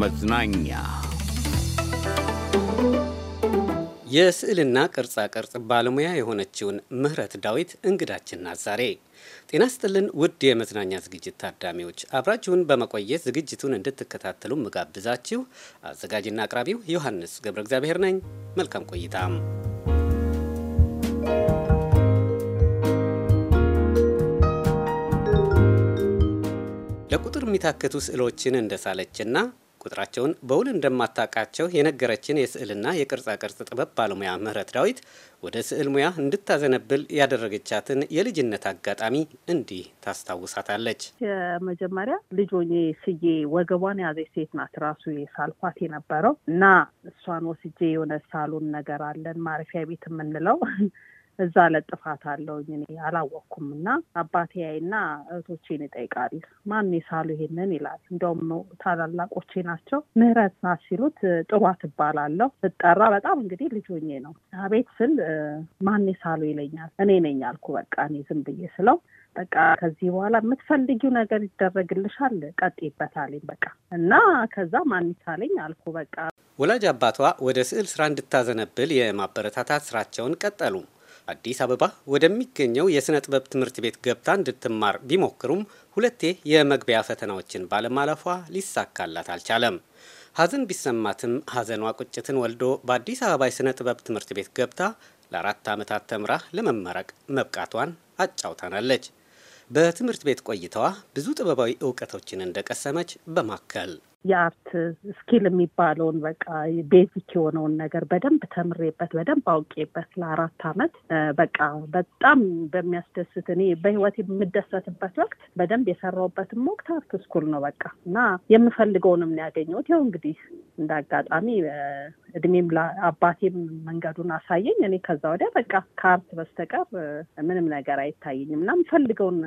መዝናኛ የስዕልና ቅርጻ ቅርጽ ባለሙያ የሆነችውን ምህረት ዳዊት እንግዳችን ናት ዛሬ። ጤና ስጥልን ውድ የመዝናኛ ዝግጅት ታዳሚዎች፣ አብራችሁን በመቆየት ዝግጅቱን እንድትከታተሉ ምጋብዛችሁ። አዘጋጅና አቅራቢው ዮሐንስ ገብረ እግዚአብሔር ነኝ። መልካም ቆይታም ለቁጥር የሚታከቱ ስዕሎችን እንደሳለችና ቁጥራቸውን በውል እንደማታውቃቸው የነገረችን የስዕልና የቅርጻ ቅርጽ ጥበብ ባለሙያ ምህረት ዳዊት ወደ ስዕል ሙያ እንድታዘነብል ያደረገቻትን የልጅነት አጋጣሚ እንዲህ ታስታውሳታለች። የመጀመሪያ ልጅ ሆኜ ስዬ ወገቧን ያዘ ሴት ናት ራሱ የሳልኳት የነበረው እና እሷን ወስጄ የሆነ ሳሎን ነገር አለን ማረፊያ ቤት የምንለው እዛ ለጥፋት አለውኝ እኔ አላወቅኩም እና አባቴ ያይና እህቶቼን ይጠይቃል። ማን የሳሉ ይሄንን ይላል። እንዲያውም ታላላቆቼ ናቸው። ምህረት ናት ሲሉት ጥሯ ትባላለሁ ስጠራ በጣም እንግዲህ ልጆኜ ነው። አቤት ስል ማን የሳሉ ይለኛል። እኔ ነኝ አልኩ። በቃ እኔ ዝም ብዬ ስለው በቃ ከዚህ በኋላ የምትፈልጊው ነገር ይደረግልሻል፣ ቀጥይበት በቃ እና ከዛ ማንቻለኝ አልኩ። በቃ ወላጅ አባቷ ወደ ስዕል ስራ እንድታዘነብል የማበረታታት ስራቸውን ቀጠሉ። አዲስ አበባ ወደሚገኘው የሥነ ጥበብ ትምህርት ቤት ገብታ እንድትማር ቢሞክሩም ሁለቴ የመግቢያ ፈተናዎችን ባለማለፏ ሊሳካላት አልቻለም። ሐዘን ቢሰማትም ሐዘኗ ቁጭትን ወልዶ በአዲስ አበባ የሥነ ጥበብ ትምህርት ቤት ገብታ ለአራት ዓመታት ተምራ ለመመረቅ መብቃቷን አጫውታናለች። በትምህርት ቤት ቆይታዋ ብዙ ጥበባዊ እውቀቶችን እንደቀሰመች በማከል የአርት ስኪል የሚባለውን በቃ ቤዚክ የሆነውን ነገር በደንብ ተምሬበት በደንብ አውቄበት ለአራት አመት በቃ በጣም በሚያስደስት እኔ በህይወት የምደሰትበት ወቅት በደንብ የሰራውበትም ወቅት አርት ስኩል ነው በቃ እና የምፈልገውንም ያገኘሁት ያው እንግዲህ እንደ አጋጣሚ እድሜም አባቴም መንገዱን አሳየኝ። እኔ ከዛ ወዲያ በቃ ከአርት በስተቀር ምንም ነገር አይታየኝም እና የምፈልገውን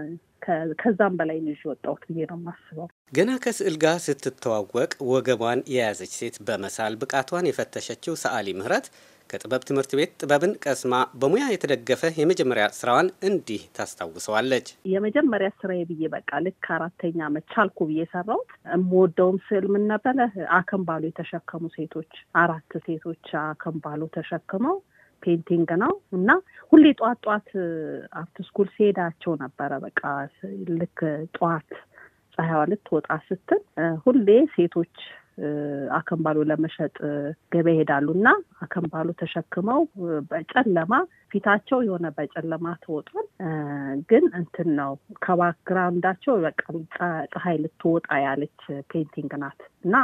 ከዛም በላይ ነው ይዤ ወጣሁት ብዬ ነው የማስበው። ገና ከስዕል ጋር ስትተዋወቅ ወገቧን የያዘች ሴት በመሳል ብቃቷን የፈተሸችው ሰዓሊ ምህረት ከጥበብ ትምህርት ቤት ጥበብን ቀስማ በሙያ የተደገፈ የመጀመሪያ ስራዋን እንዲህ ታስታውሰዋለች። የመጀመሪያ ስራዬ ብዬ በቃ ልክ አራተኛ ዓመት ቻልኩ ብዬ ሰራሁት። የምወደውም ስዕል ምን ነበረ? አከምባሎ የተሸከሙ ሴቶች፣ አራት ሴቶች አከምባሎ ተሸክመው ፔንቲንግ ነው እና ሁሌ ጠዋት ጠዋት አፍት ስኩል ሲሄዳቸው ነበረ። በቃ ልክ ጠዋት ፀሐይዋ ልትወጣ ስትል ሁሌ ሴቶች አከንባሎ ለመሸጥ ገበያ ይሄዳሉ እና አከንባሎ ተሸክመው በጨለማ ፊታቸው የሆነ በጨለማ ተወጧል። ግን እንትን ነው ከባክግራውንዳቸው በቃ ፀሐይ ልትወጣ ያለች ፔንቲንግ ናት እና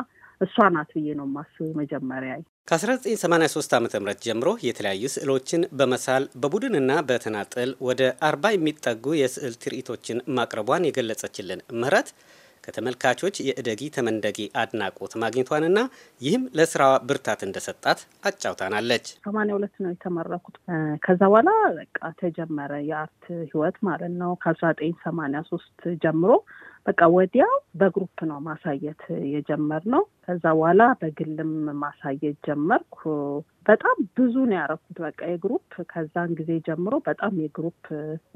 እሷ ናት ብዬ ነው የማስበው መጀመሪያ ከ1983 ዓ ም ጀምሮ የተለያዩ ስዕሎችን በመሳል በቡድንና በተናጠል ወደ አርባ የሚጠጉ የስዕል ትርኢቶችን ማቅረቧን የገለጸችልን ምህረት ከተመልካቾች የእደጊ ተመንደጊ አድናቆት ማግኘቷንና ይህም ለስራዋ ብርታት እንደሰጣት አጫውታናለች። ሰማንያ ሁለት ነው የተመረኩት። ከዛ በኋላ በቃ ተጀመረ የአርት ህይወት ማለት ነው። ከአስራ ዘጠኝ ሶስት ጀምሮ በቃ ወዲያው በግሩፕ ነው ማሳየት የጀመርነው። ከዛ በኋላ በግልም ማሳየት ጀመርኩ። በጣም ብዙ ነው ያረኩት። በቃ የግሩፕ ከዛን ጊዜ ጀምሮ በጣም የግሩፕ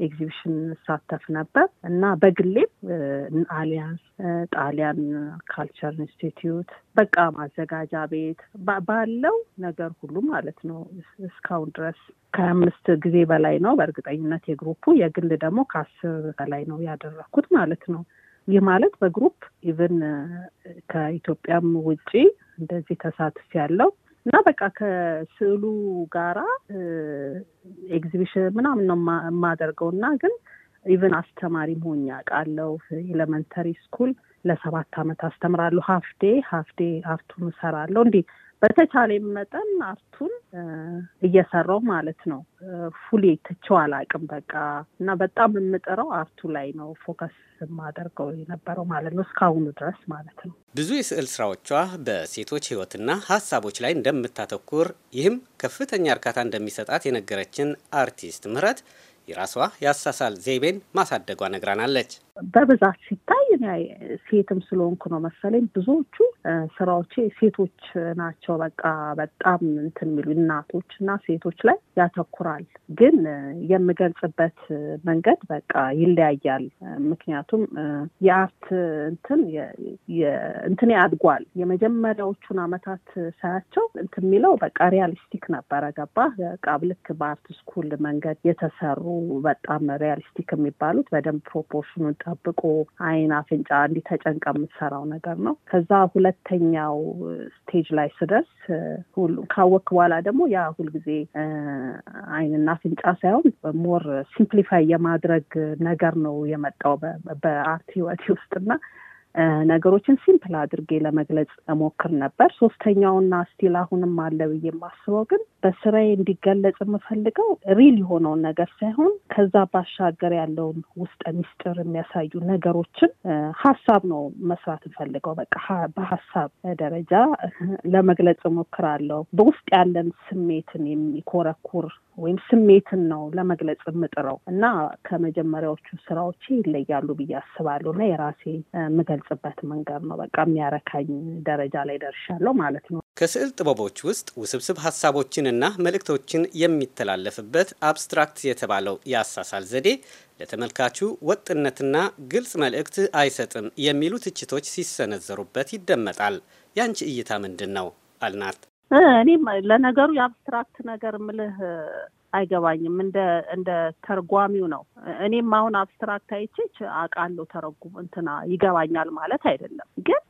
ኤግዚቢሽን እሳተፍ ነበር እና በግሌም አሊያንስ፣ ጣሊያን ካልቸር ኢንስቲትዩት በቃ ማዘጋጃ ቤት ባለው ነገር ሁሉ ማለት ነው እስካሁን ድረስ ከአምስት ጊዜ በላይ ነው በእርግጠኝነት የግሩፑ የግል ደግሞ ከአስር በላይ ነው ያደረኩት ማለት ነው። ይህ ማለት በግሩፕ ኢቨን ከኢትዮጵያም ውጪ እንደዚህ ተሳትፍ ያለው እና በቃ ከስዕሉ ጋራ ኤግዚቢሽን ምናምን ነው የማደርገው እና ግን ኢቨን አስተማሪ መሆኛ ቃለው ኤሌመንተሪ ስኩል ለሰባት አመት አስተምራለሁ። ሀፍዴ ሀፍዴ ሀፍቱን እሰራለሁ። እንዲህ በተቻለ መጠን አርቱን እየሰራው ማለት ነው። ፉሌ ትቼው አላቅም በቃ እና በጣም የምጥረው አርቱ ላይ ነው ፎከስ የማደርገው የነበረው ማለት ነው እስካሁኑ ድረስ ማለት ነው። ብዙ የስዕል ስራዎቿ በሴቶች ህይወትና ሀሳቦች ላይ እንደምታተኩር ይህም ከፍተኛ እርካታ እንደሚሰጣት የነገረችን አርቲስት ምህረት የራሷ የአሳሳል ዘይቤን ማሳደጓ ነግራናለች። በብዛት ሲታይ ሁለተኛ ሴትም ስለሆንኩ ነው መሰለኝ ብዙዎቹ ስራዎቼ ሴቶች ናቸው። በቃ በጣም እንትን የሚሉ እናቶች እና ሴቶች ላይ ያተኩራል፣ ግን የምገልጽበት መንገድ በቃ ይለያያል። ምክንያቱም የአርት እንትን እንትን ያድጓል። የመጀመሪያዎቹን አመታት ሳያቸው እንትን የሚለው በቃ ሪያሊስቲክ ነበረ። ገባ በቃ ልክ በአርት ስኩል መንገድ የተሰሩ በጣም ሪያሊስቲክ የሚባሉት በደንብ ፕሮፖርሽኑን ጠብቆ አይን አፍ አፍንጫ እንዲህ ተጨንቃ የምትሰራው ነገር ነው። ከዛ ሁለተኛው ስቴጅ ላይ ስደርስ ሁሉ ካወቅክ በኋላ ደግሞ ያ ሁልጊዜ አይንና አፍንጫ ሳይሆን ሞር ሲምፕሊፋይ የማድረግ ነገር ነው የመጣው በአርት ህይወቴ ውስጥና ነገሮችን ሲምፕል አድርጌ ለመግለጽ ሞክር ነበር። ሶስተኛውና ስቲል አሁንም አለ ብዬ የማስበው ግን በስራዬ እንዲገለጽ የምፈልገው ሪል የሆነውን ነገር ሳይሆን ከዛ ባሻገር ያለውን ውስጠ ሚስጥር የሚያሳዩ ነገሮችን ሀሳብ ነው መስራት እንፈልገው። በቃ በሀሳብ ደረጃ ለመግለጽ እሞክራለሁ። በውስጥ ያለን ስሜትን የሚኮረኩር ወይም ስሜትን ነው ለመግለጽ የምጥረው እና ከመጀመሪያዎቹ ስራዎቼ ይለያሉ ብዬ አስባለሁ እና የራሴ የምገልጽበት መንገድ ነው። በቃ የሚያረካኝ ደረጃ ላይ ደርሻለሁ ማለት ነው። ከስዕል ጥበቦች ውስጥ ውስብስብ ሀሳቦችንና መልእክቶችን የሚተላለፍበት አብስትራክት የተባለው የአሳሳል ዘዴ ለተመልካቹ ወጥነትና ግልጽ መልእክት አይሰጥም የሚሉ ትችቶች ሲሰነዘሩበት ይደመጣል። ያንቺ እይታ ምንድን ነው? አልናት። እኔም ለነገሩ የአብስትራክት ነገር ምልህ አይገባኝም። እንደ እንደ ተርጓሚው ነው። እኔም አሁን አብስትራክት አይቼች አውቃለሁ ተረጉ እንትና ይገባኛል ማለት አይደለም፣ ግን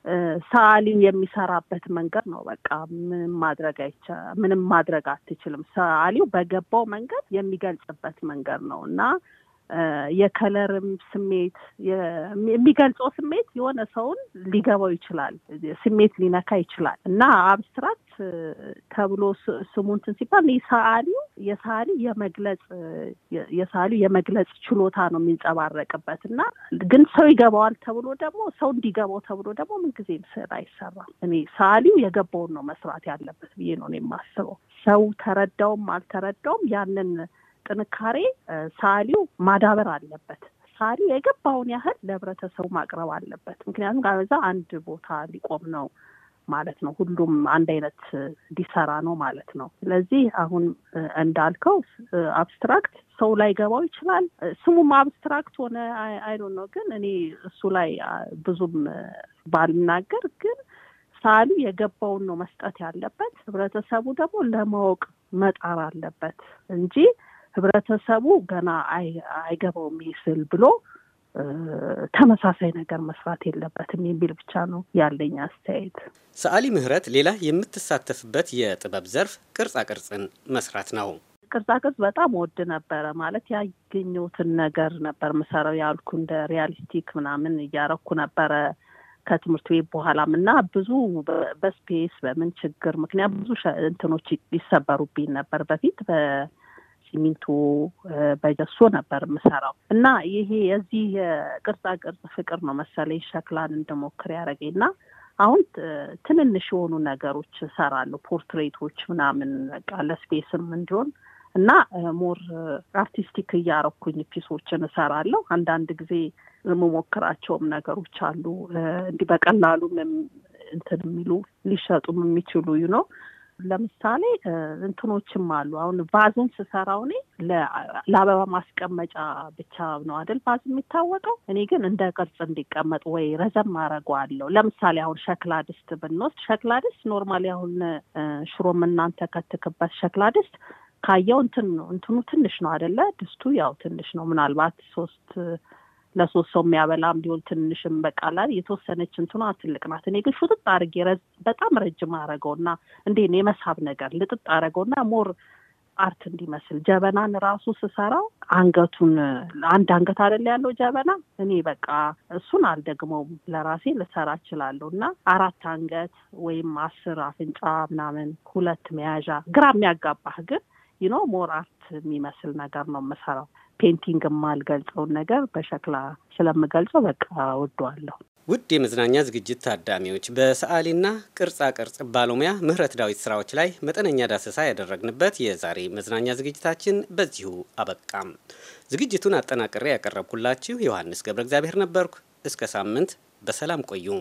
ሰዓሊው የሚሰራበት መንገድ ነው። በቃ ምንም ማድረግ አይቻ ምንም ማድረግ አትችልም። ሰዓሊው በገባው መንገድ የሚገልጽበት መንገድ ነው እና የከለርም ስሜት የሚገልጸው ስሜት የሆነ ሰውን ሊገባው ይችላል፣ ስሜት ሊነካ ይችላል እና አብስትራክት ተብሎ ስሙ እንትን ሲባል ሰዓሊው የሰዓሊ የመግለጽ የሰዓሊው የመግለጽ ችሎታ ነው የሚንጸባረቅበት እና ግን ሰው ይገባዋል ተብሎ ደግሞ ሰው እንዲገባው ተብሎ ደግሞ ምንጊዜም ስዕል አይሰራም። እኔ ሰዓሊው የገባውን ነው መስራት ያለበት ብዬ ነው የማስበው። ሰው ተረዳውም አልተረዳውም ያንን ጥንካሬ ሳሊው ማዳበር አለበት። ሳሊ የገባውን ያህል ለህብረተሰቡ ማቅረብ አለበት። ምክንያቱም ከዛ አንድ ቦታ ሊቆም ነው ማለት ነው። ሁሉም አንድ አይነት ሊሰራ ነው ማለት ነው። ስለዚህ አሁን እንዳልከው አብስትራክት ሰው ላይ ገባው ይችላል። ስሙም አብስትራክት ሆነ አይኖ ነው። ግን እኔ እሱ ላይ ብዙም ባልናገር፣ ግን ሳሉ የገባውን ነው መስጠት ያለበት። ህብረተሰቡ ደግሞ ለማወቅ መጣር አለበት እንጂ ህብረተሰቡ ገና አይገባውም ይህ ብሎ ተመሳሳይ ነገር መስራት የለበትም የሚል ብቻ ነው ያለኝ አስተያየት። ሰዓሊ ምህረት ሌላ የምትሳተፍበት የጥበብ ዘርፍ ቅርጻ ቅርጽን መስራት ነው። ቅርጻቅርጽ በጣም ወድ ነበረ። ማለት ያገኘሁትን ነገር ነበር ምሰራው ያልኩ እንደ ሪያሊስቲክ ምናምን እያረኩ ነበረ ከትምህርት ቤት በኋላም እና ብዙ በስፔስ በምን ችግር ምክንያት ብዙ እንትኖች ይሰበሩብኝ ነበር በፊት ሲሚንቶ በጀሶ ነበር የምሰራው እና ይሄ የዚህ የቅርጻ ቅርጽ ፍቅር ነው መሰለኝ ሸክላን እንደሞክር ያደረገኝ እና አሁን ትንንሽ የሆኑ ነገሮች እሰራለሁ። ፖርትሬቶች ምናምን በቃ ለስፔስም እንዲሆን እና ሞር አርቲስቲክ እያረኩኝ ፒሶችን እሰራለሁ። አንዳንድ ጊዜ የምሞክራቸውም ነገሮች አሉ እንዲህ በቀላሉ እንትን የሚሉ ሊሸጡም የሚችሉ ነው ለምሳሌ እንትኖችም አሉ። አሁን ቫዝን ስሰራው እኔ ለአበባ ማስቀመጫ ብቻ ነው አይደል ቫዝ የሚታወቀው። እኔ ግን እንደ ቅርጽ እንዲቀመጥ ወይ ረዘም አረገዋለሁ። ለምሳሌ አሁን ሸክላ ድስት ብንወስድ ሸክላ ድስት ኖርማሊ አሁን ሽሮ ከትክበት ሸክላ ድስት ካየው እንትን ነው እንትኑ ትንሽ ነው አይደለ? ድስቱ ያው ትንሽ ነው ምናልባት ሶስት ለሶስት ሰው የሚያበላም ቢሆን ትንሽም በቃላል የተወሰነች እንትኗ ትልቅ ናት። እኔ ግን ሹጥጥ አርጌ በጣም ረጅም አረገውና እንዴ የመሳብ ነገር ልጥጥ አረገውና ሞር አርት እንዲመስል ጀበናን ራሱ ስሰራው አንገቱን አንድ አንገት አይደል ያለው ጀበና። እኔ በቃ እሱን አልደግመውም ለራሴ ልሰራ እችላለሁ እና አራት አንገት ወይም አስር አፍንጫ ምናምን ሁለት መያዣ ግራ የሚያጋባህ ግን ይኖ ሞር አርት የሚመስል ነገር ነው የምሰራው። ፔንቲንግ የማልገልጸውን ነገር በሸክላ ስለምገልጸው በቃ ወደዋለሁ። ውድ የመዝናኛ ዝግጅት ታዳሚዎች በሰዓሊና ቅርጻ ቅርጽ ባለሙያ ምህረት ዳዊት ስራዎች ላይ መጠነኛ ዳሰሳ ያደረግንበት የዛሬ መዝናኛ ዝግጅታችን በዚሁ አበቃም። ዝግጅቱን አጠናቅሬ ያቀረብኩላችሁ ዮሐንስ ገብረ እግዚአብሔር ነበርኩ። እስከ ሳምንት በሰላም ቆዩ።